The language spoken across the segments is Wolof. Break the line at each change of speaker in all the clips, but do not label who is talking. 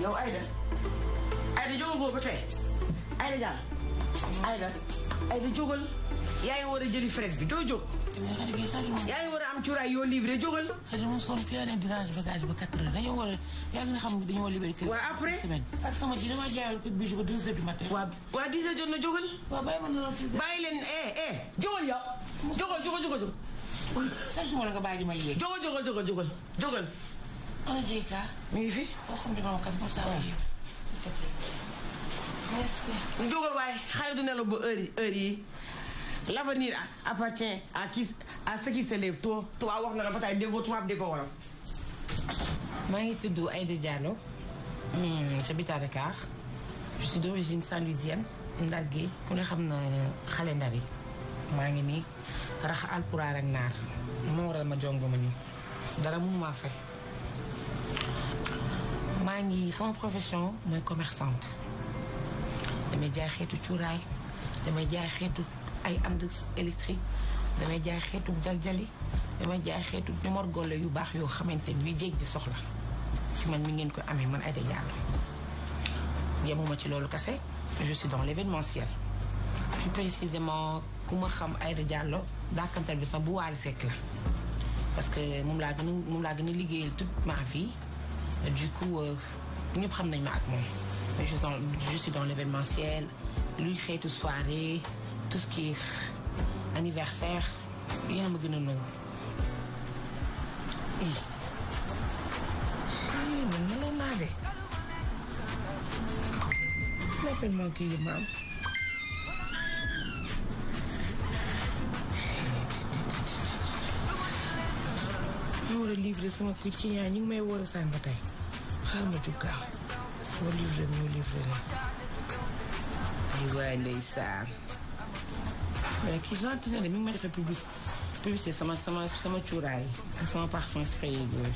yow Aida Aida jógagoo ba tey Aida Diallo Aida Aida jógal yaa war a jëli fret bi doo jóg yaa ngi war a am cuuraay yoo livré jógal dama sonn fi yaa ne dinage bagage ba quatre heures dañoo war a yaa ngi xam dañoo war a libéré kër waaw après ak sama ji dama jaayoon ko bijou ba deux sa suma la nga ma yéeg jógal jógal jógal jógal ana Diega. ngi fi. merci. waaye xale du nelaw ba heure yi heure yi l'avenir appartient à qui à ceux qui se lèvent tôt. tubaab wax na la ba tey déggoo tubaab déggoo wolof. maa ngi tudd Aïda Diallo. Hmm, j'habite à Dakar. je suis d'origine saint-louisienne. Ndar gi ku ne xam na xale ndar yi. maa ngi nii rax alpulaar ak naar moo waral ma jongo ma nii dara mënu maa fay. maa ngi sama profession mooy commerçante damay jaay xeetu cuuraay damay jaay xeetu ay ànd électrique damay jaay xeetu jaljali damay jaay xeetu numéro yu baax yoo xamante ni yu jéeg di soxla si man mi ngeen koy amee man Aïda Diallo yemuma ci loolu kese je suis dans l'événementiel plus précisément ku ma xam Aïda Diallo dàkkantal bi sax bu Wally parce que moom laa gën a laa gën a liggéeyal toute ma du coup ñëpp xam nañ ma ak moom je dans je suis luy xeetu soirée tout ce qui anniversaire yéen a ma gën a nangu. ii man nelaw naa de l'appel ma am. ñu war a livrer sama client ñi ngi may wóor a sànq tey. kenn du gaaw soo la ay waay ndeysaan kii gentil na de mi ngi ma defee publicité publicité sama sama sama cuuraay ak sama parfum spray yooyu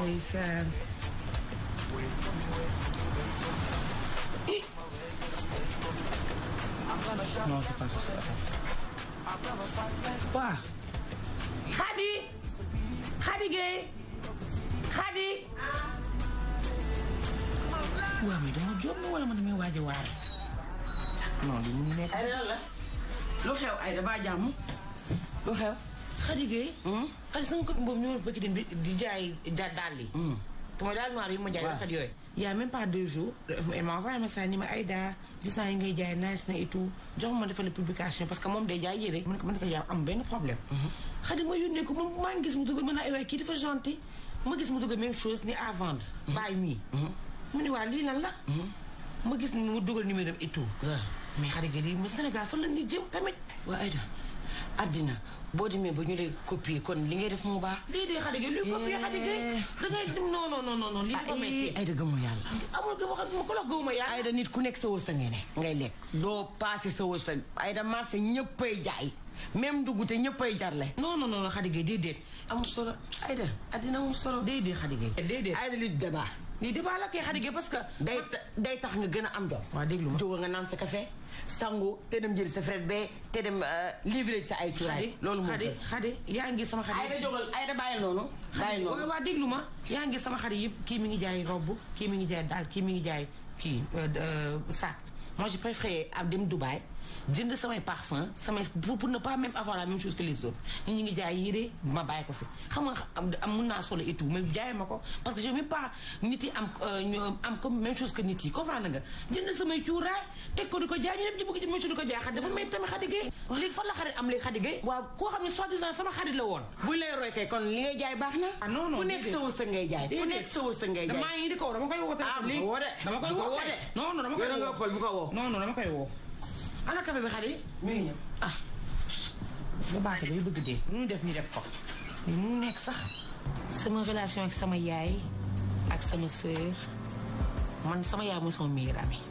ndeysaan eh? non c'est pas possible waaw Khady Khady waaw mais dama jomm wala ma damay waaj a waar. non li mu nekk. ay lu xew ay dafa jàmm lu xew. Khady Gueye. Hmm? Khady sama copine boobu ñu woon hmm. ma jaay rafet yooyu. y a ni ma Aïda gis naa yi ngay jaay nice na et jox ma defal la publication parce que moom day jaay yére. man ko man ko hmm. gis mu dugg mën naa ay kii dafa gentil ma gis mu dugg même chose ni à vendre. bàyyi mii. mu ne waa lii lan la. Hmm? ma gis ni mu dugal numéro muy dem tout. waaw mais xarit ga lii mu Sénégal fan la ñuy jëm tamit. waa Aïda àddina boo demee ba ñu lay copier kon li ngay def mu baax. lii dee xarit ga luy copier xarit eh. yàlla. amul gëm waxal ma ko wax gëmuma yàlla. Aïda nit ku nekk sa wërsëg ngay ne ngay lekk. doo paase sa wërsëg. Aïda marché ñëppay jaay. même dugg te ñëppay jarle. non non non xarit déedéet. amul solo Aïda àddina amul solo. déedéet xarit ga déedéet. Aïda li débat. lii débat la kay xarit parce que. day day tax nga gën a am jom. waaw déglu ma jóg nga naan sa café sangu te dem jëli sa fret bee te dem euh, livré sa ay cuuraay. loolu moom xadi xadi yaa ngi sama xarit. ayda jógal ayda bàyyil noonu. déglu ma. yaa ngi sama xarit yëpp kii mi ngi jaay robb kii mi ngi jaay daal kii mi ngi jaay kii euh, euh, saak. moi j'ai préféré ab dem Dubaï. jënd samay parfum samay pour pour ne pas même avoir la même chose que les autres ñi ngi jaay yére ma bàyyi ko fi xam nga mun naa ma ko parce que je même nit yi am euh, ñu am comme même chose que xam ne soi woon bu lay na ah, ku nekk sa wërsëg ngay jaay ko dama koy ah, woo dama de non dama koy woo ana café bi xale yi ñu ngi ñëw ah bu baaxee day bëgg dee nu def ñu def ko mu nekk sax sama relation ak sama yaay ak sama sœur man sama yaay mooy sama meilleure amie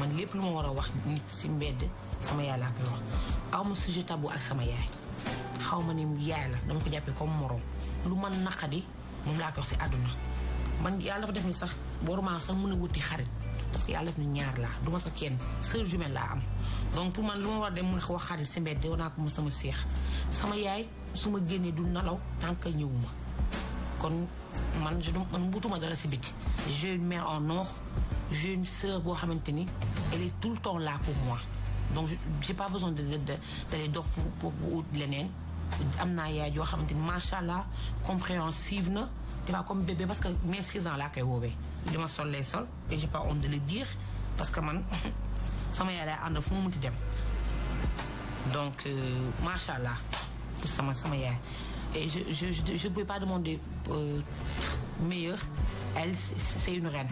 man lépp lu ma war a wax nit si mbedd sama yaay laa koy wax aw sujet tabou ak sama yaay xaw ma ni yaay la dama ko jàppee comme morom lu man naqadi moom laa koy wax si àdduna man yàlla fa def ni sax waruma sax mun a wuti xarit parce que yàlla def na ñaar laa du ma sa kenn sœur jumelle laa am donc pour man lu ma war dem mun a wax xaalis si mbedd naa ko ma sama seex sama yaay su ma génnee du nalaw tant que ñëwuma kon man man wutuma si biti j'ai une mère en or j'ai une boo xamante ni elle tout le temps là pour moi donc j'ai pas besoin de d'aller dox pour pour ut leneen am naa yaay yoo xamante ni macha allah compréhensive na dafa comme bébé parce que même six ans laa koy woowee li ma sol lay sol et j'ai pas honte de le parce que man sama yaay lay ànd fu mu munti dem donc euh, macha allah sama sama yaay et je je je je peux pas demander euh, meilleur elle c'est une reine.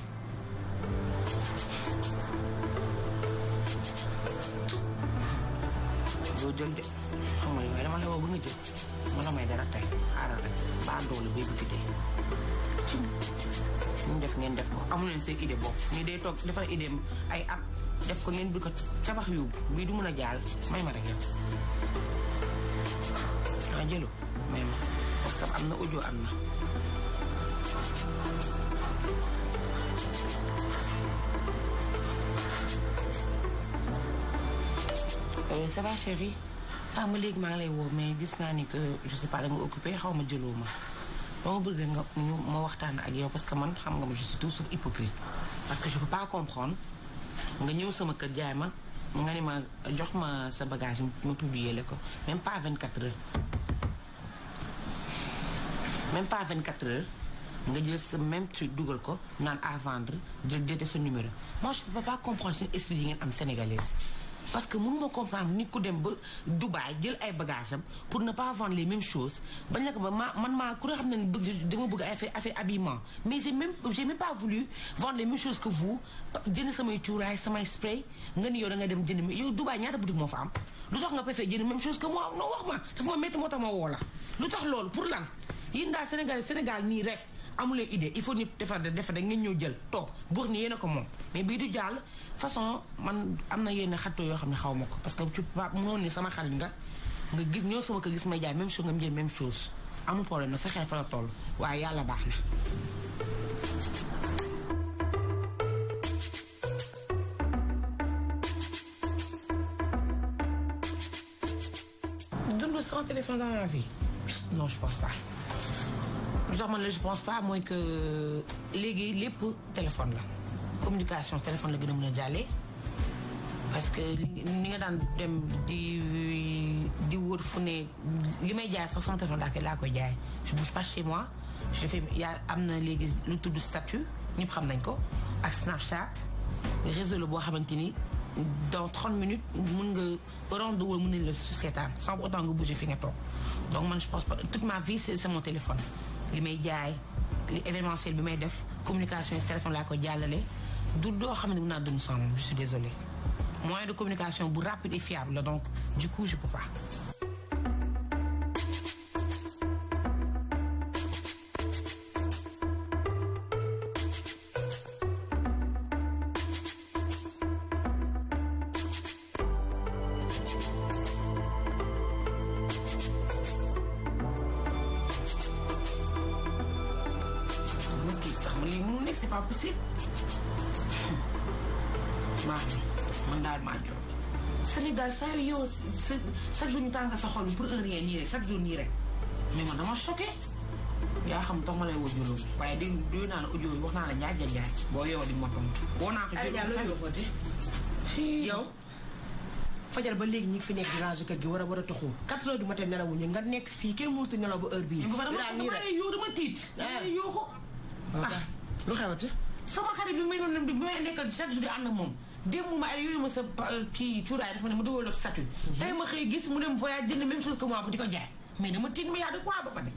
doo dama la woo ba nga jël. mën a may dara tey xaaral rek ba àndoole bay bëgg dee. ñu def ngeen def ko amu leen seen idée bopp ni day toog defar idée ay at def ko ngeen du ko cabax bii du mën a jaal may ma rek yow. am na audio am na. Euh, ça va xam nga léegi maa ngi lay woo mais gis naa ni que je sais pas da nga xaw ma jëloo ma dama bëgg nga ñu ma waxtaan ak yow parce que man xam nga ma je suis tout sauf hypocrite parce que je peux pas comprendre nga ñëw sama kër jaay ma nga ne ma jox ma sa bagage ma publier la ko même pas 24 heures même pas 24 heures nga jël sa même truc dugal ko naan à vendre jël jëte sa numéro moi je peux pas comprendre seen esprit yi ngeen am sénégalaise parce que mënuma comprendre nit ku dem ba Dubaï jël ay bagages am pour ne pas vendre les mêmes choses bañ la ba ma man maa ku ne xam ne bëgg dama bëgg affaire affaire habillement mais j'ai même j'ai même pas voulu vendre les mêmes choses que vous jënd samay cuuraay samay spray nga ni yow da dem jënd yow Dubaï ñaata boutique moo fa am lu tax nga préféré jënd même chose que moi non wax ma dafa moo tax ma woo la lu tax loolu pour lan yéen daal Sénégal Sénégal nii rek. amuleen idée il faut nit defar defar da ngeen ñëw jël toog buur ni yéen ko moom mais bii du jàll façon man am na yenn xaritoo yoo xam ne xaw ma ko parce que ci pa mënoon ni sama xarit nga nga gis ñoo sama ko gis may jaay même chose nga mu jël amul problème na sa xel fa toll waaye yàlla baax na dund sans lu tax man la je pense pas mooy que léegi lépp téléphone la communication téléphone la gën a mën a jàllee parce que ni nga daan dem di di wër fu ne li may jaay sax sama téléphone laa koy laa koy jaay je bouge pas chez moi je fais yaa am na léegi lu tudd statut ñëpp xam nañ ko ak Snapchat réseau la boo xamante ni dans 30 minutes mun nga rendre wala mun nañ la seetaan sans pour autant nga bouger fi nga toog donc man je pense pas toute ma vie c'est mon téléphone li may jaay li événementiel bi may def communication si laa ko jàllale du doo xam ne mun naa dund sama moom je moyen de communication bu rapide et fiable la donc du coup fa yow chaque jour ñu tàngal sa xol pour un rien nii rek chaque jour nii rek mais man dama choqué. yaa xam tax ma lay woo jëloon waaye di di naa la audio wax naa la njaaj a njaaj boo yow di ma tontu. boo naa ko jëloon yow. fajar ba léegi ñi ngi fi nekk di range kër gi war a war a taxaw quatre heures du matin nelawuñu nga nekk fii kenn mënut nelaw ba heure bii. dama yow dama tiit. Eh. dama ko. Ah, lu xewati ah. sama xarit bi may noonu bi may nekkal chaque jour di ànd ak moom. démb ma ay yooyu ma sa euh, kii cuuraay dafa ma ne ma dugaloo statut mhm. tey ma xëy gis mu dem voyage jënd même chose que moi bu di ko jaay mais dama tiit ma yaa de quoi ba fa de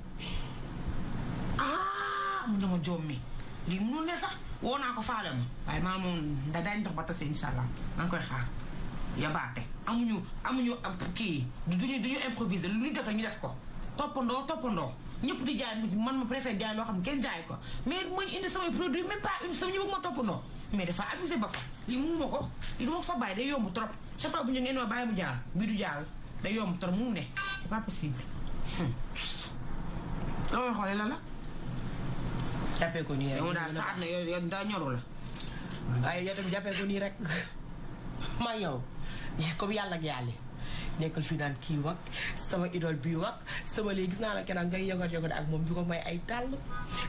ah mu dama joom mi lii mënul ne sax woo naa ko faalam ma waaye maa moom da daañ dox ba tase insha allah maa ngi koy xaar yabaate amuñu amuñu kii du du ñu improviser lu ñu defee ñu def ko toppandoo toppandoo ñépp di jaay man ma préfère jaay loo xam ne kenn jaay ko mais mañ indi samay produit même ma toppandoo mais dafa abusé ba fa lii mënuma ko lii du ma ko fa bàyyi day yomb trop chaque fois bu ñu ngeen wax bàyyi mu jàll bii du jaal day yomb trop mu ne c'est pas possible hmm. loolu xoolee lan la jàppee ko nii rek yow na yow daa ñoru la waaye yow ko nii yàlla ak nekkal fii naan kii wak sama idole bii wak sama léegi gis naa la keneen ngay yogar yogar ak moom di ko may ay dàll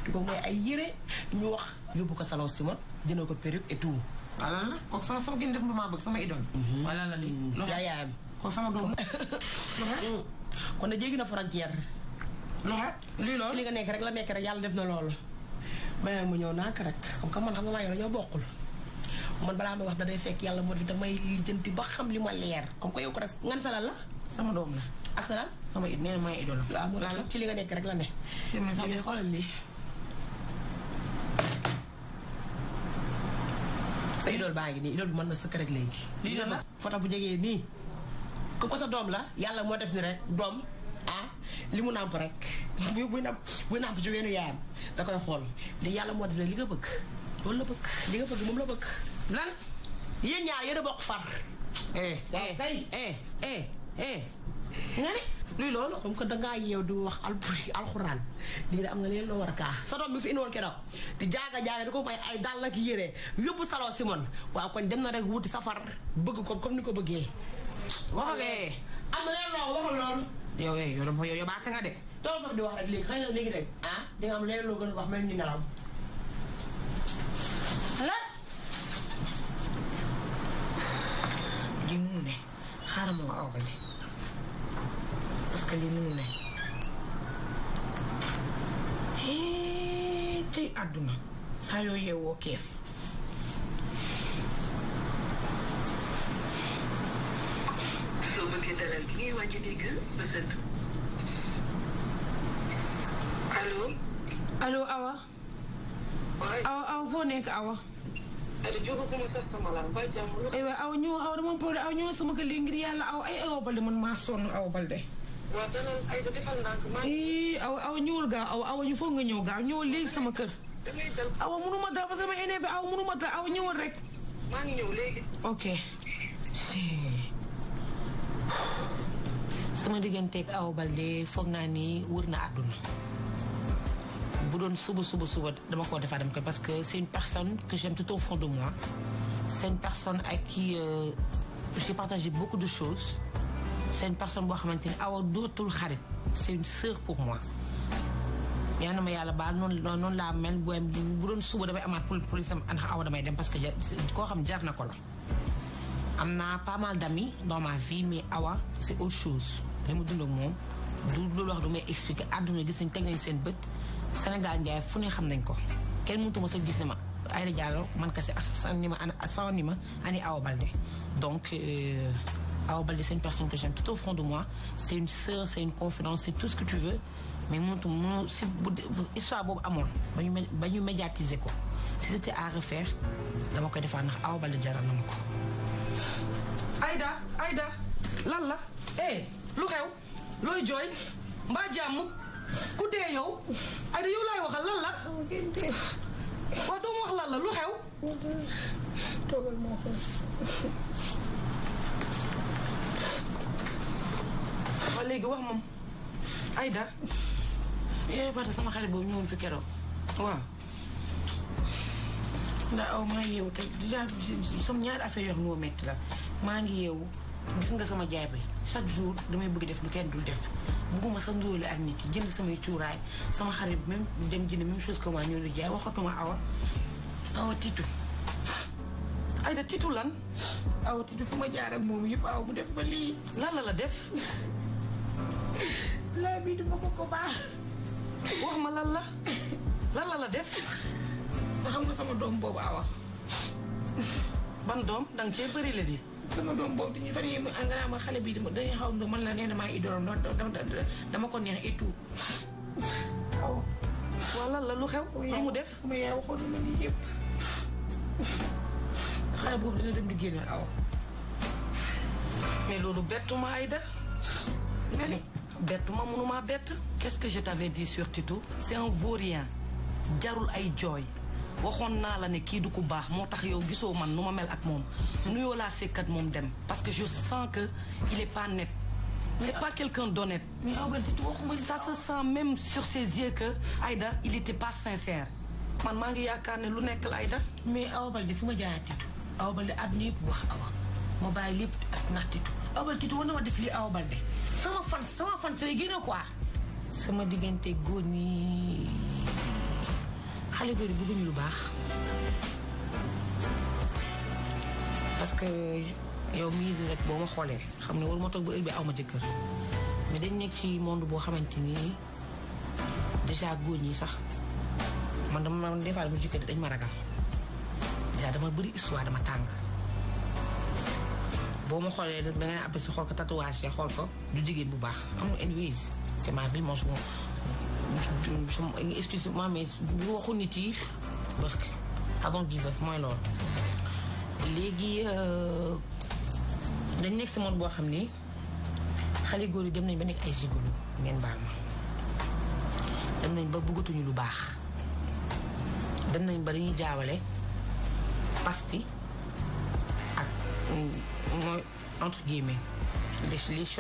di ko may ay yére ñu wax yóbbu ko salon Simon jëndoo ko perruque et tout. voilà sama sama gën def ma bëgg sama idole. Mhm. voilà la li mhm. yaa mm. kon na jéggi na frontière. loxo lii loolu ci li nga nekk rek la nekk rek yàlla def na loolu. mais mu ñëw naaka rek comme que man xam nga maa ngi ñoo bokkul. man balaa may wax da day fekk yàlla moo fi damay lijjanti ba xam li ma leer comme que yow la sama doom la sama it ci li nga nekk rek la ne yow xoolal lii sa baa ngi nii idol bi rek léegi foto bu jegee nii sa doom la yàlla moo def ni rek doom ah li mu nàmp rek bu buy nàmp buy nàmp ci weenu yaayam da koy xool li yàlla moo def ne li nga bëgg loolu la bëgg li nga bëgg moom la bëgg lan yéen ñaar yéen a bokk far. waaw kay eh eh eh nga ne luy loolu comme que dangaa yeew di wax alxuraan lii am nga leen loo war kaa sa doom fi indiwoon keroog di jaaga jaaga di dàll ak yére saloo Simon waaw kon dem na rek wuti safar bëgg ko comme ni ko bëggee. waxal leen am na leen loo waxal loolu. yow yow yow yow yow baate nga de. tool fa di wax rek léegi xëy ah di nga am leen loo gën wax mel ni nelaw. xaaral ma nga orale parce que lii mënu ne tey àdduna saa yoo yeewoo keef soo awa awa awa foo nekk awa aywa aw ñëw aw dama produit aw ñëw sama kër lii ngir yàlla aw ay aw balde man maa sonn aw balde aw aw ñëwul gaaw aw aw ñu ñëw gaaw ñëwul léegi sama kër aw mënuma dara parce que aw mënuma rek maa ngi ñëw léegi sama digganteeg aw balde foog naa ni wur na àdduna bu doon suba suba suba dama koo defaat dem ko parce que c'est une personne que j'aime tout au fond de moi c'est une personne ak kii euh, j'ai partagé beaucoup de choses c'est boo xamante ni awa dootul xarit c'est une sœur pour moi yaa na ma yàlla baal noonu laa mel bu doon suba damay amaat pour pour sama an awa damay dem parce que koo xam jar na ko la naa pas mal d'amis dans ma vie mais awa c'est autre chose li ma dund moom du loolu wax du may expliquer àdduna gis nañ teg nañ seen bët Sénégal Ndiaye fu ne xam nañ ko kenn mënutuma sa gis ne ma Aïda Diallo man kese assan ni ma assan ni ma ani Awa Balde donc euh, Awa Balde c'est personne que j'aime tout au fond de moi c'est une sœur c'est une tout ce que tu veux mais mënutu mënu si bu histoire boobu amoon ba ñu ba ñu médiatiser ko si c'était à refaire dama koy defaat ndax Awa Balde jaral na ma ko Aïda Aïda lan la eh lu xew looy jooy mbaa jàmm ku yow ay yow laay waxal lan la waaw doomu wax lan la lu xew waaw léegi wax moom ayda yooyu eh, baata sama xarit boobu ñëwoon fi keroo waaw ndax aw oh, maa ngi yeewu tey déjà sama ñaari affaire yoo xam moo métti la maa ngi yeewu gis nga sama jaay bi chaque jour damay bëgg def lu kenn du def bugguma sa ndóole ak nit ki jënd samay cuuraay sama xarit même dem jënd même chose que waa ñoo di jaay waxatuma awa awa tiitu ay da tiitu lan awa tiitu fu ma jaar ak moom yëpp awa mu def ma lii lan la la def laa bii duma ko ko baax wax ma lan la lan la la def nga xam nga sama doom boobu awa ban doom danga cee bëri la di sama doom boobu dañuy xale bi dama dañuy xaw ma man la nee na maa idoolam dama ko neex et tout. la lu xew. lu mu def ma xale boobu dina dem di génne aw. mais loolu bettuma Aïda. nga ne bettuma mënuma bett. qu'est-ce que je t'avais di sur Tito. vaurien jarul ay jooy. waxoon naa la ne kii du ku baax moo tax yow gisoo man nu ma mel ak moom nuyoo laa sekkat moom dem parce que je sens que il est pas net. c'est pas quelqu'un d'honnête. ça se sent même sur ses yeux que Aïda il était pas sincère. man maa ngi yaakaar ne lu nekk la Aïda. mais Awa Balde fu ma jaayee Titu. Awa Balde àdduna yëpp wax awa ma bàyyi lépp ak nax Titu. Awa Balde Titu ma def lii Awa Balde sama fan sama fan say gën quoi. sama diggante góor xale góor yi bëgguñu lu baax parce que yow mii di rek boo ma xoolee xam ne waruma toog ba heure bi aw ma jëkkër mais dañ nekk ci monde boo xamante nii déjà góor ñi sax man dama des fois jëkkër ci dañ ma ragal déjà dama bëri histoire dama tàng boo ma xoolee da nga ne apprécié xool ko tatouage yi xool ko du jigéen bu baax amul anyways c'est ma vie mon excusez-moi mais bu waxu nit yi parce avant d'hiver mooy lool léegi euh, dañ nekk si monde boo xam ni xale góor yi dem nañ ba nekk ay gigolo ngeen baal ma dem nañ ba bëggatuñu lu baax dem nañ ba ñu jaawale pasti ak mm, mooy entre guillemets les les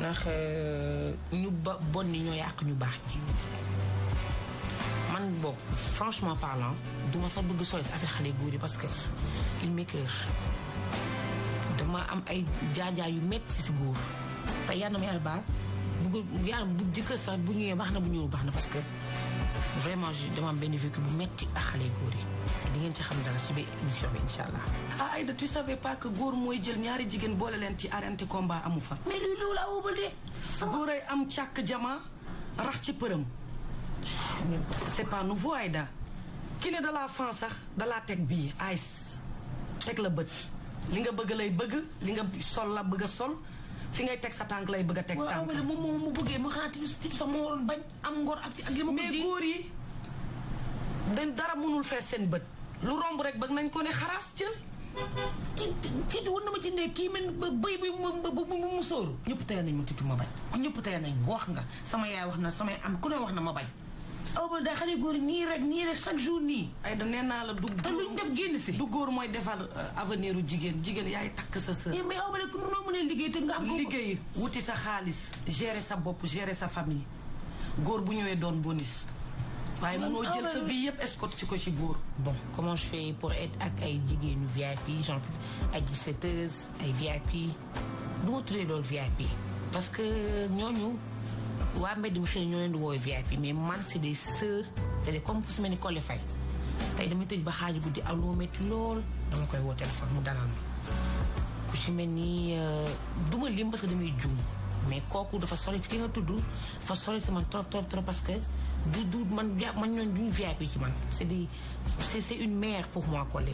ndax euh, ñu ba bon ni ñoo yàq ñu baax man boobu franchement parlant duma sax bëgg sori si affaire xale góor yi parce que il que dama am ay jaajaay yu metti si góor te yal na ma yàlla baal bu yàlla bu jëkkër sax bu ñëwee baax na bu ñëwul baax na parce que vraiment dama am benn vécu bu metti ak xale góor yi di ci xam dara si bi incha allah. ah Aïda tu savais pas góor mooy jël ñaari jigéen boole leen ci arène combat amu fa. mais luy loolu awu ba de. góor ay am càkk jama ci përëm. c'est pas nouveau Aïda. ki ne dalaa fan sax teg bii ice la bët li nga bëgg lay bëgg li nga sol la bëgg sol fi ngay teg sa tànk lay bëgg teg tànk waaw moom moom mu bëggee ma xanaa tiitu sa moo waroon bañ am ngor ak ak li ma ko mais góor yi dañ dara mënul fee seen bët lu romb rek bëgg nañ ko ne xaraas jël kii kii war na ma ci ne kii man bëy bi mu musóoru ñëpp tere nañ mu titu ma bañ ku ñëpp tere nañ wax nga sama yaay wax na samay am ku ne wax na ma bañ aw ba daa xale góor nii rek nii rek chaque jour nii ay da nee naa la du te luñ def génn si du góor mooy defar euh, avenir u jigéen jigéen yaay takk sa sër eh, mais aw ba rek noo mënee liggéey te nga am liggéey wuti sa xaalis gérer sa bopp gere sa famille góor bu ñëwee doon bonus waaye mënoo jël sa vie yëpp escorte ci ko ci góor. bon comment je pour être ak ay jigéenu VIP genre ay 17h ay VIP du ma tuddee loolu VIP. parce que ñooñu waa mbedd mi fi ne ñoo leen di woowee VIP mais man c' est des sœurs c' est des comme ku si mel ni Kole tey dama tëj ba xaaju guddi aw lu ma métti lool dama koy woo téléphone mu dalal ma ku si mel ni euh, du ma lim parce que damay juum. mais kooku dafa sori ci ki tudd fa sori si man trop trop parce que du du man man ñoon duñu VIP ci man c'est des c'est c'est une mère pour moi Collé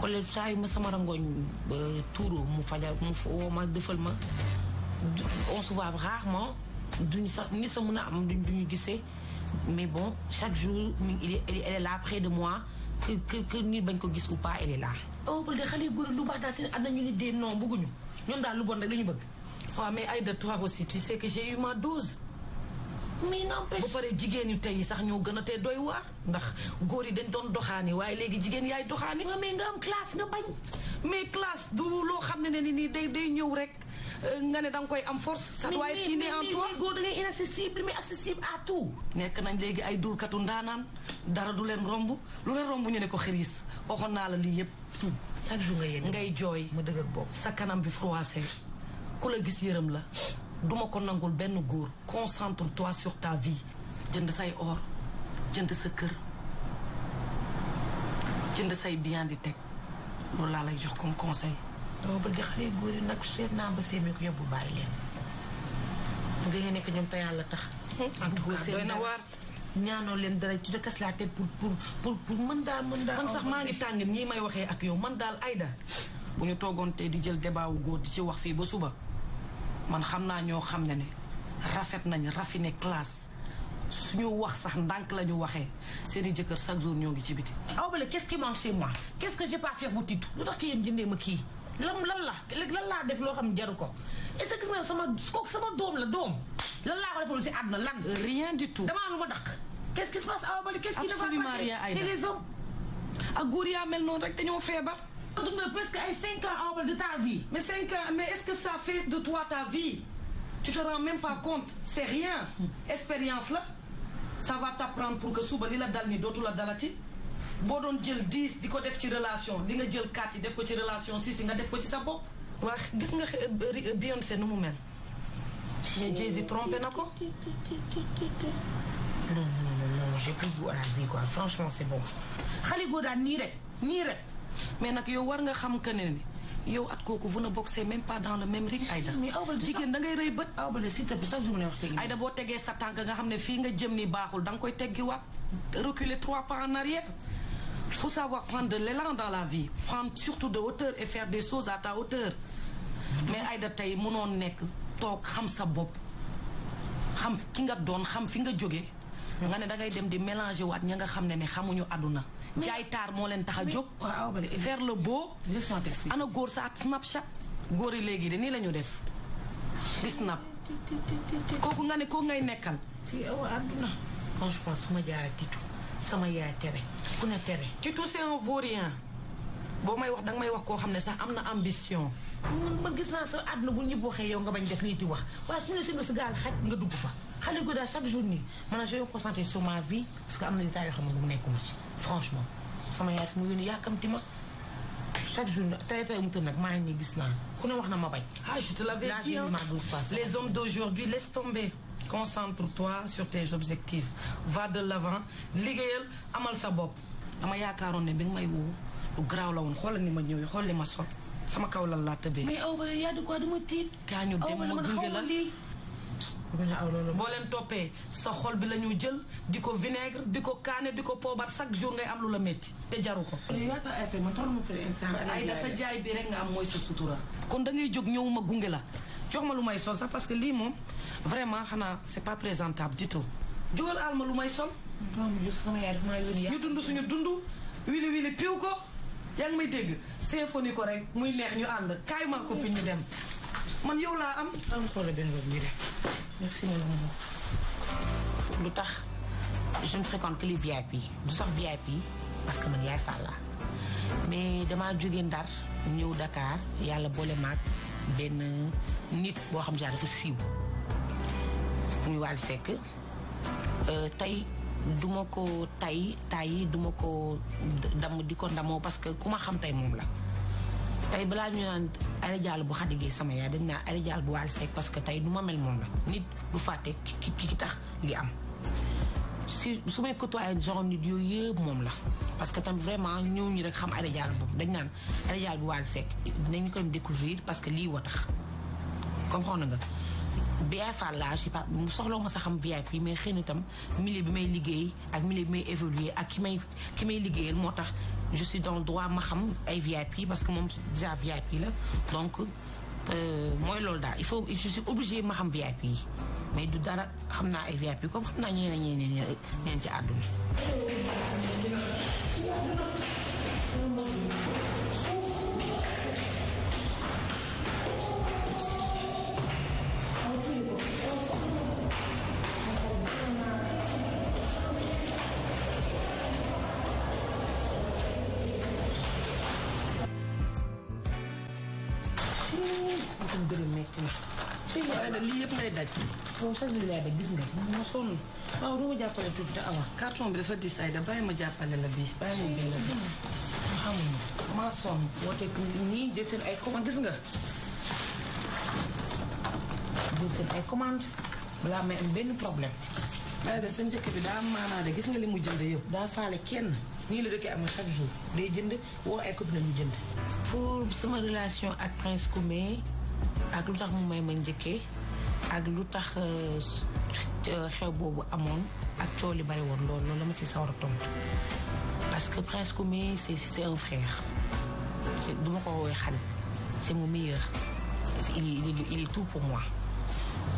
Collé saa yu ma sama rangooñ tuuru mu fajal mu woo ma defal ma on se voit duñu sax ni sa mun a am duñ duñu gisee mais bon chaque jour il est là près de moi que que que nit bañ ko gis u pas elle est là. Oh, au lu baax daal seen am na ñu ni dee non bëgguñu ñoom daal lu bon rek la ñu bëgg. waaw mais Aïda toi aussi tu sais que pare jigéen yu tey sax ñoo gën a tee doy waar ndax góor yi dañ doon doxaani waaye léegi jigéen yaay doxaani. nga mais nga am classe nga mais classe du loo xam ne ne nii day day ñëw rek euh, nga ne da nga koy am force. ça doit être inné en toi góor da ngay inaccessible nekk nañ léegi ay dulkatu ndaanaan dara du leen romb lu leen romb ñu ne ko xëriis waxoon naa la lii yëpp tout. chaque jour nga yéen ngay jooy. mu dëgër bopp sa kanam bi froissé. ku la gis yërëm la duma ko nangul benn góor concentre-toi sur ta vie jënd say or jënd sa kër jënd say bien di teg loolu laa lay jox comme conseil dama bëgg yi nag seet naa ba seen ko yóbbu bari leen mu gën a nekk ñoom te yàlla tax en tout cas doy na waar ñaanoo leen dara ci rekas la tête pour pour pour mën daal mën daal man sax maa ngi tàng ñii may waxee ak yow man daal ayda bu ñu toogoon te di jël débat góor di ci wax fii ba suba man xam naa ñoo xam ne ne rafet nañ raffiné classe suñu wax sax ndànk la ñu waxee seeni jëkkër chaque jour ñoo ngi ci biti. aw ba la qu'est-ce qui manque chez moi quest que j'ai pas fait bu tiitu lu tax ki yem jëndee ma kii lan lan la léegi lan laa def loo xam jaru ko est-ce que gis nga sama kooku sama doom la doom lan laa ko defal si àdduna lan. rien du tout damaa lu ma dàq. qu'est-ce qui se passe aw ba la qu'est-ce qui ne va pas chez les hommes. ak ah, góor yaa mel noonu rek dund presque ay cinq ans en de ta vie. mais cinq ans mais est-ce que ça fait de toi ta vie. tu te rends même pas compte c'est rien expérience la ça va t'apprendre pour que suba li la dal ni dootu la dalati boo doon jël 10 di ko def ci relation di nga jël 4 yi def ko ci relation 6 yi nga def ko ci sa bopp. waa gis nga euh, euh, Beyoncé nu mu mel. mais Jay-Z trompé na ko. non non non j'ai plus goût à la vie quoi franchement c'est bon. xale góor daal nii rek nii rek. mais nag yow war nga xam que ne ni yow at kooku vous ne boxez même pas dans le même ring Aïda jigéen da ngay rëy bët awbale si bi chaque jour boo tegee sa tànk nga xam ne fii nga jëm ni baaxul da nga koy teggiwaat reculer trois pas en arrière il faut savoir prendre de l'élan dans la vie prendre surtout de hauteur et de des choses hauteur mais Aïda tey mënoon nekk toog xam sa bopp xam ki nga doon xam fi nga jógee nga ne dangay dem di mélanger waat ña nga xam ne ni xamuñu àdduna jaay taar moo leen tax a jóg. faire le beau. ana góor sa ak Snapchat. góor yi léegi de nii la def di snap kooku nga ne kooku ngay nekkal. fii su ma jaaree titu sama yaay tere ku ne tere. titu c'est un vaurien boo may wax danga may wax koo xam ne sax am na ambition. man gis naa sa àdduna bu ñëpp waxee yow nga bañ def nii di wax waaye si ñu si gaal xaj nga dugg fa. xale gu daal chaque jour nii maanaam je ma vie parce que am na des temps yoo xam ci franchement sama yaay mu yónni yàkkamti ma chaque jour tey tey mu tën nag maa ngi nii gis naa ku ne wax na ma bañ. ah je te l'avais dit les hommes d'aujourd'hui laisse tomber. concentre-toi sur tes objectifs va de l'avant liggéeyal amal sa bopp. dama yaakaaroon ne bi may woo lu garaaw la woon xoolal ni ma ñëwee xool li ma sol sama kaw lan laa tëddee. mais aw ba yaa di quoi dama tiit. kaa ñu dem ma gunge boo leen toppee sa xol bi la ñuy jël di ko vinaigre di ko kaane di ko poobar chaque jour ngay am lu la métti te jaru ko. ay da sa jaay bi rek nga am mooy sa sutura. kon da ngay jóg ñëwuma gunge la jox ma lu may sol sax parce que lii moom vraiment xanaa c'est pas présentable du tout. jógal aal ma lu may sol. ñu dund suñu dund. wili wili piw ko. yaa ngi may dégg symphonie ko rek muy neex ñu ànd kaay ko fi ñu dem man yow laa am. am solo benn bopp lu tax je ne fréquente que les VIP du sax VIP parce que man yaay fàlla mais damaa jóge Ndar ñëw dakaar yàlla boole maag benn nit boo xam jaar dafa siiw muy Wally Seck euh, tey duma ko tay tay du ma ko damm di ko ndamoo parce que ku ma xam tey moom la. tey balaa ñu naan Aida bu Khady Gueye sama yaay dañ naan Aida Diallo bu Wally Seck parce que tey du ma mel moom la nit du fàtte ki ki tax li am si su may côtoyé genre nit yooyu yëpp moom la parce que tam vraiment ñëw ñu rek xam Aida Diallo dañ naan Aida bu Wally seek dinañ ko découvrir parce que lii wa tax na nga Biaye Fall laa je pas soxla ma sa xam VIP mais xëy na itam milieu bi may liggéey ak milieu bi may évoluer ak ki may ki may liggéeyal moo tax je suis du le droit ma xam ay VIP parce que moom déjà VIP la donc euh, mooy loolu daal il faut je suis obligé ma xam VIP yi mais du dara xam naa ay VIP comme xam naa ñeneen ñeneen ñeneen ci àdduna waaw sax bi laay ba gis nga ma sonn waaw du jàppale tuuti te awa carton bi dafa dis ay da bàyyi ma jàppale la bii bàyyi ma bii la bii xam ay commande gis nga jël ay commande balaa may benn problème daal de sa bi daa maanaa de gis nga li mu jënd yëpp daa faale kenn nii la dëkkee amee chaque jour day jënd woo ay copine ñu jënd pour sama relation ak Prince Koumé ak lu tax mu may ma njëkkee ak lu tax euh, xew boobu amoon ak coow li bari woon loolu loolu la ma si sawar a tontu parce que Prince Koumé c'est c'est un frère c'est du ma ko woowee xarit c'est mon meilleur il il est tout pour moi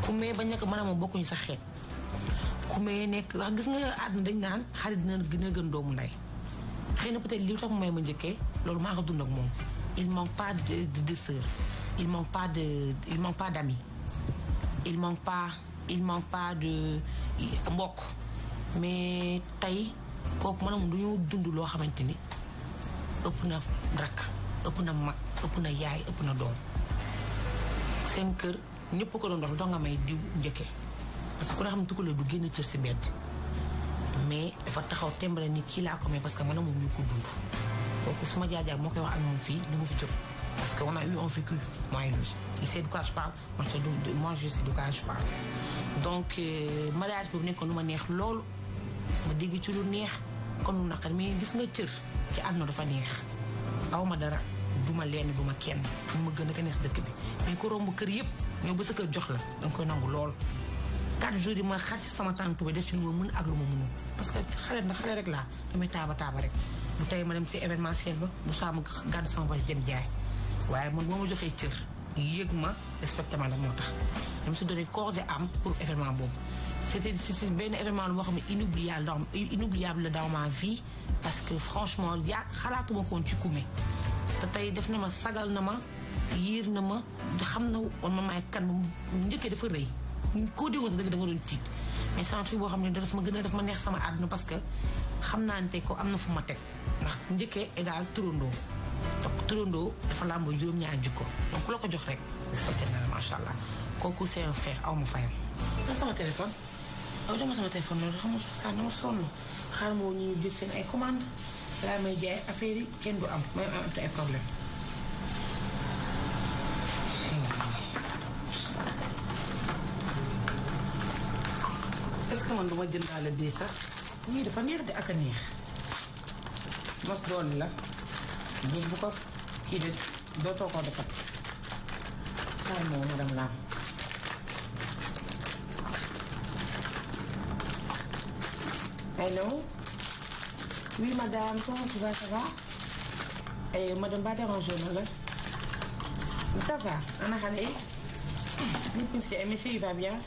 Koumé bañ nekk mën a moom bokkuñu sa xeet Koumé nekk gis nga àdduna dañ naan xarit dina dina gën doomu ndey xëy na peut-être li tax mu may ma njëkkee loolu maa ko dund ak moom il manque pas de de sœur il manque pas de il manque pas d'amis il manque pas il manque de mbokk mais tey kooku maanaam du ñu dund loo xamante ni ëpp na rakk ëpp na mag ëpp na yaay ëpp na doom seen kër ñëpp ko doon dox doo nga may diw njëkke parce que ku ne xam ne tukkuloo du génn cër si mbedd mais dafa taxaw tembale ni kii laa ko may parce que maanaam moom ñu ko dund kooku suma jaajaar moo koy wax ak moom fii lu mu fi jóg Parce qu'on a eu, on vécu, moi et lui. Il sait de quoi je parle, moi je sais de, moi, je sais de quoi je parle. donc euh, mariage boobu nekkoon lu ma neex loolu ma dégg ci lu neex kon lu naqar mais gis nga cër ci àdduna dafa neex aw ma dara du ma lenn du ma kenn mu ma gën a kenn si dëkk bi mais ku romb kër yëpp ñëw ba sa kër jox la danga koy nangu lool quatre jours yi ma xar ci sama tànk tuba def ci lu ma mën ak lu ma mënul parce que xale na xale rek laa damay taaba taaba rek bu tey ma dem si événementiel ba bu saa ma gàddu sama bos dem jaay waaye man boo ma joxee cër yëg ma respecté la moo tax dama si donné corps am pour événement boobu c'était c'est benn événement boo xam ne inoubliable dans inoubliable dans ma vie parce que franchement yaa xalaatuma koon ci kume te tey def na ma sagal na ma yiir na ma xam na woon ma maay kan bu njëkkee dafa rëy koo déggoon sa dëgg da doon tiit mais sama boo xam ne daf ma gën a daf ma neex sama àdduna parce que xam naa ne tey ko am na fu ma teg ndax njëkkee égal turandoo donc turandoo dafa làmboo juróom-ñaari jikko donc ku la ko jox rek respecté na la aw ma fayam. na sama jël seen ay may jaay affaire yi kenn du am may am am te ay problème est-ce que man duma jëndaale bii sax. ñii dafa neex de ak a neex. mos doon la. bés bu kii de dootoo ko defat kaay moom ma dem laal hello oui madame comment tu vas ça va eh madame ba dérangé na la ça va ana xale yi ñëpp si monsieur il va bien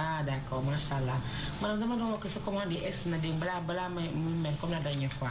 ah d'accord macha allah madame dama doon wax sa commande yi na de balaa balaa may muy mel comme la dernière fois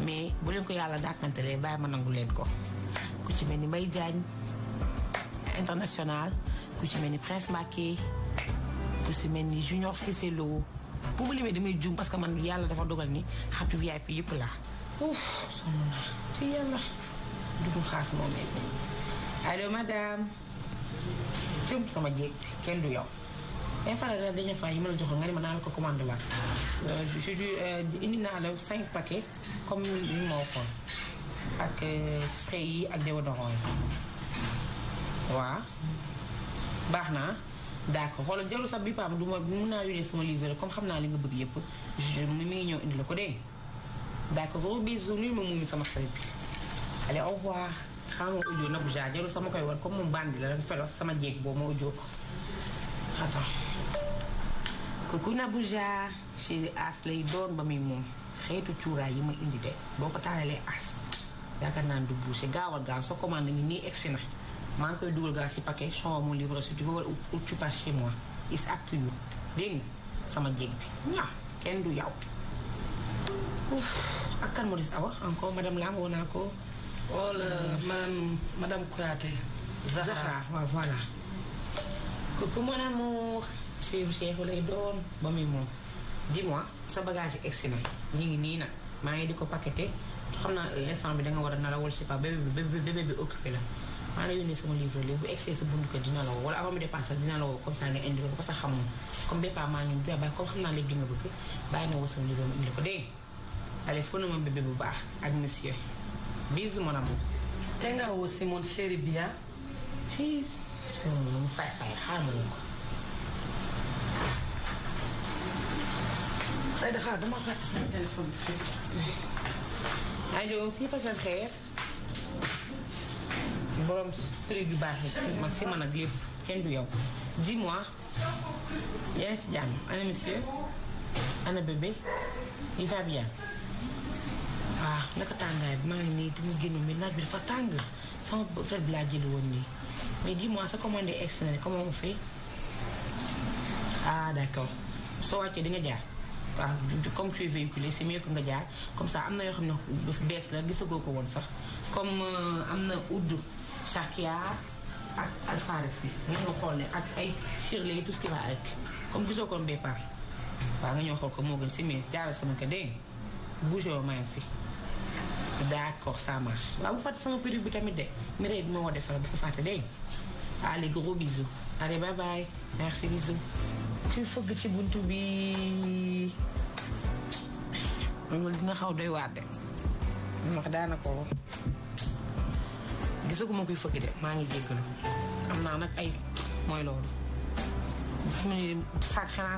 mais bu leen ko yàlla dàkkantelee bàyyi ma nangu leen ko ku ci mel ni Mbaye Diagne international ku ci mel ni Prince Macky ku ci mel ni Junior Cissé Lo bu ma limee damay juum parce que man yàlla dafa dogal ni xaritu VIP yëpp la ouf sonn naa ci yàlla dugub xaas moom it allo madame cëm sama jéeg kenn du yow infrared la dernière fois yi ma la joxoon nga ne ma naa la ko commandé euh, euh, indi naa la cinq paquets comme ak euh, ak déodorant baax na d'accord xoolal jarul sax bi du naa yónnee comme xam naa li nga bëgg yëpp mi ngi ñëw indi la ko dégg d'accord gros bisous sama xarit bi allez au revoir bu jaar jarul sax koy war comme moom bandi la dafa féroce sama jéeg boobu ma audio kukuna buja ci aas lay doon ba muy moom xeetu cuuraay yi ma indi de boo ko taalalee aas yaakaar naa du bouché gaawal gaaw sa commande ngi nii egsi na maa ngi koy dugal gaaw si paquet son mon livre si tu veux is up to sama jéeg bi kenn du yow ak kan moo des awa encore madame Lam woo naa ko wala madame madame Kouyaté Zahra waaw voilà coucou mon amour suivre Cheikhou lay doon ba muy moom dis-moi sa bagage yi egsi na ñu ngi nii nag maa ngi di ko paqueté xam naa euh, instant bi da nga war a nalawal la sais a bébé bi occupé la maa la yónnee sama livre léegi bu egsee sa buntu kër dina la woo wala avant mu dépassé dina la woo comme ça nga indi ko parce que xamuñu comme bépa maa ngi doy bàyyi comme xam naa léegi di nga bëgg bàyyi ma woo sama livre ma indi ko dégg allez fóon na ma bébé bu baax ak monsieur bisous mon amour te nga woo si mon chéri bien. ci mu ko. Ayda xaar dama fàtte seen téléphone bi. Ayda aussi fa seen xeer borom baax yi si ma si man ak yëpp kenn du yow dis waaw ah, naka tàngaay bi maa nii dama génn mi naaj bi dafa tàng sama frère bi laa jëli woon nii mais dis-moi sa commande externe comment on fait ah d'accord soo wàccee di jaar. waaw comme tu es véhiculé c'est mieux nga jaar comme sax am na yoo xam ne bees la gisagoo ko woon sax comme euh, am na udd charkia ak alfares bi nga ñëw xool ne ak ay shirley tout ce qui va avec comme gisoo ko béppar waaw nga ñëw xool ko moo gën c'est mieux jaaral sama ko dégg bougé maa ngi fi d'accord ça marche waaw bu fàtte sama période bi tamit de mi rey bi ma woo defal bu ko fàtte dégg allez gros bisous allez bye bye merci bisous kuy fëgg ci bunt bi loolu dina xaw doy waar de ndax daanaka gisaguma kuy fëgg de maa ngi jéggalu am naa nag ay mooy loolu fu mu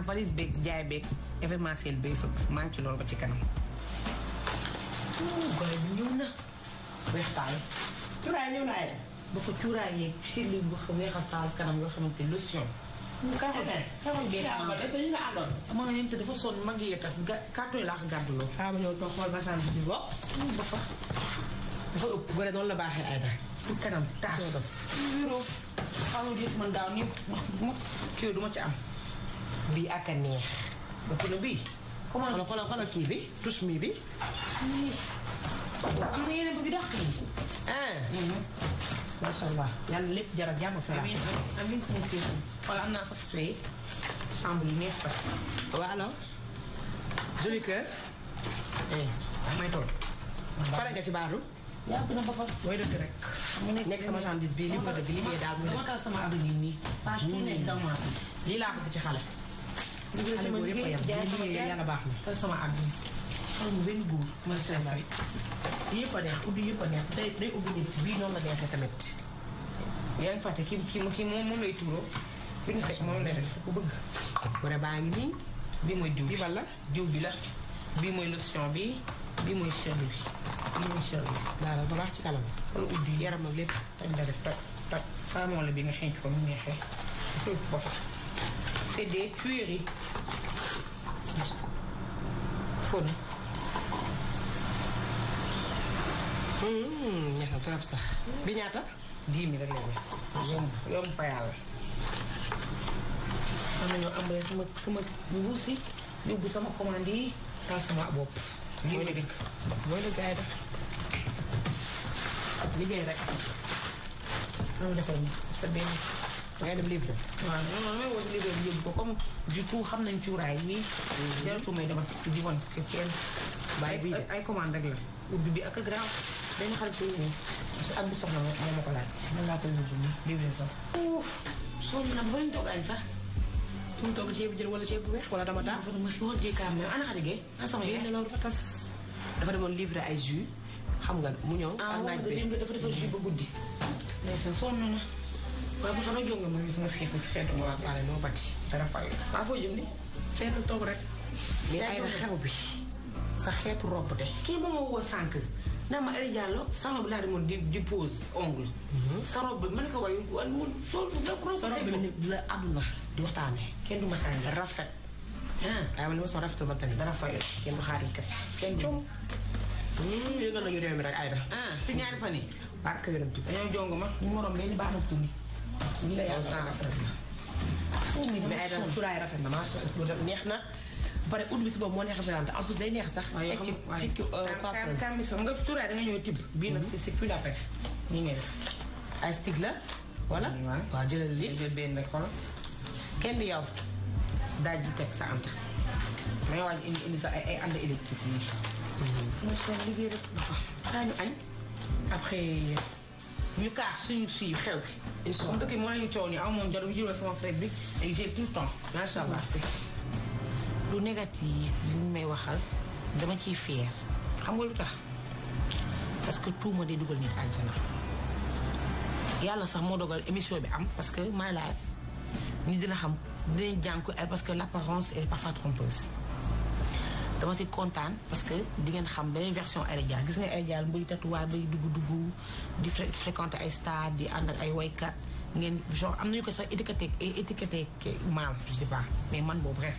valise beeg jaay beeg événementiel bay fëgg maa ngi ci loolu ba ci kanam gore bi ñëw na weextaal cuuraay ñëw na ay ba fa cuuraay yeeg si li wax weexal taal kanam yoo xamante lotion karoon bee xaaral dañu la àndoon. ma nga yem te dafa sonn ma ngi yee tas ga kàttu yi laa ko gàdduloo. ah ma ñëw toog xool ba la baaxee ay daal. pour kanam taas soo kii ci am. ak a neex. ba bi touche mi bi. am na yeneen bi dox. ah. macha allah yàlla lépp jar ak jàmm salaam. amiin amiin suñu station. wala am naa sax spray. chambre yi neex sax. waaw alors. joli kër. eh damay toog. pare nga ci baalu. yàgg na ba fa. mooy dëkk rek. mu nekk sama chandise bii li mu dëgg liggéey daal mu nekk sama avenir nii. page tout nekk daw maa fi. lii laa bëgg ci xale. xale boobu yëpp a yem liggéey yàlla baax na. sama avenir. amul benn góor. yëpp a neex ubbi yëpp a neex ubbi nit bii noonu la neexee tamit. yaa ngi fàtte ki ki ki moom moom lay tuuroo. bi nu sekk moom bëgg. wala baa ngi nii. bii mooy diw bi la diw bi la. bii mooy lotion bi. bii mooy selu bi. bii mooy selu bi. daal la baax ci kanam. wala ubbi yaram ak lépp. dañ la def toj la bi nga xeeñ ko mu neexee. fépp ko fa. c'est des Hmm, ñax na trop sax. bi ñaata. dix mille rek la ñu. yomb yomb fa yàlla. mën nañoo ambalee sama sama mbuus yi yóbbu sama commande yi taal bopp. mooy la dëkk liggéey rek. loolu defal sa benn ngay dem bi yóbbu ko comme du coup xam nañ cuuraay nii. Mm-hmm. jaratu may dama di wan kenn. bàyyi bii ay commande rek la ubbi bi ak a garaaw benn xarit bi ubbi su ak bu soxla moo ma laa koy mujj nii livraison uuf sonn na añ sax mu toog ceeb bu jël wala ceeb bu weex wala dama daa ma xiwoon di kaam mais ana xarit gi ana sama yaay ay jus xam nga mu ñëw ah, ak naaj dafa defar jus ba guddi ndeysaan sonn na waaye bu fa nga jónge ma gis nga si si xeetu ma waa paale noo bati dara fay waaw foo jëm ni fenn toog rek li ay xew bi sa xeetu robe de. kii moom moo woo sànq ndax ma Aliou Diallo sa bi laa demoon di di pose ongle. Mhm. sa robe bi ko wayu wala mu tool bi la. sa kenn du ma xaaree rafet. ah aywa li ma soo rafetlu ba tane dara fayal kenn du xaaree kese kenn coow. a ngi réew mi ah, na tuumi. ñu na. neex na. ba pare ut bi si boobu moo neex véranda en plus day neex sax. teg ci ci coiffeuse kam bi sax nga tuuraay da nga ñëw tibb. bii nag c'est plus la peine. nii ngay def ay stig la. voilà waaw jëlal li jël benn xol kenn du yow daal di teg sa ànd. da ngay waaj indi indi sa ay ay ànd électrique yi. mooy seen liggéey rek dafa daa ñu añ. après ñu kaas suñu suy xew bi. incha allah comme dëkk yi moo leen coow nii amoon jarul jëloon sama frère bi. et j'ai tout le temps macha allah. lu négatif li ñu may waxal dama ciy fier xam nga lu tax parce que tout tuuma day dugal nit àjjana yàlla sax moo dogal émission bi am parce que my life ni dina xam dinañ jànku parce que l'apparence elle est parfois trompeuse dama kontaan parce que di ngeen xam beneen version Aida Diallo gis nga Aida Diallo mbay tatuwaay bay dugg dugg di fréquenter ay stars di ànd ak ay waykat ngeen genre am nañu ko sax étiqueté étiqueté maam je sais mais man boobu bref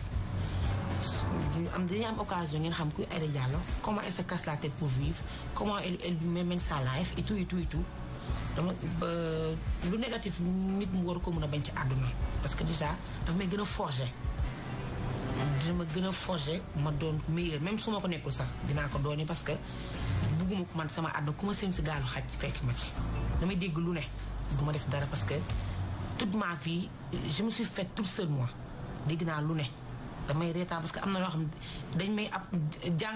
am dañuy am occasion ngeen xam kuy Aïda Diallo comment elle se casse la tête pour vivre comment elle elle mène sa life et tout et dama ba lu négatif nit mu war ko mën a bañ ci àdduna parce que déjà dafa may gën a forger dama gën a forger ma doon meilleur même su ma ko nekkul sax dinaa ko dooni parce que bugguma ko man sama àdduna ku ma seen si gaalu xaj fekk ma ci damay dégg lu ne du ma def dara parce que toute ma vie je me suis faite toute seule moi dégg naa lu ne damay reetaan parce que am na loo xam dañ may ab jàng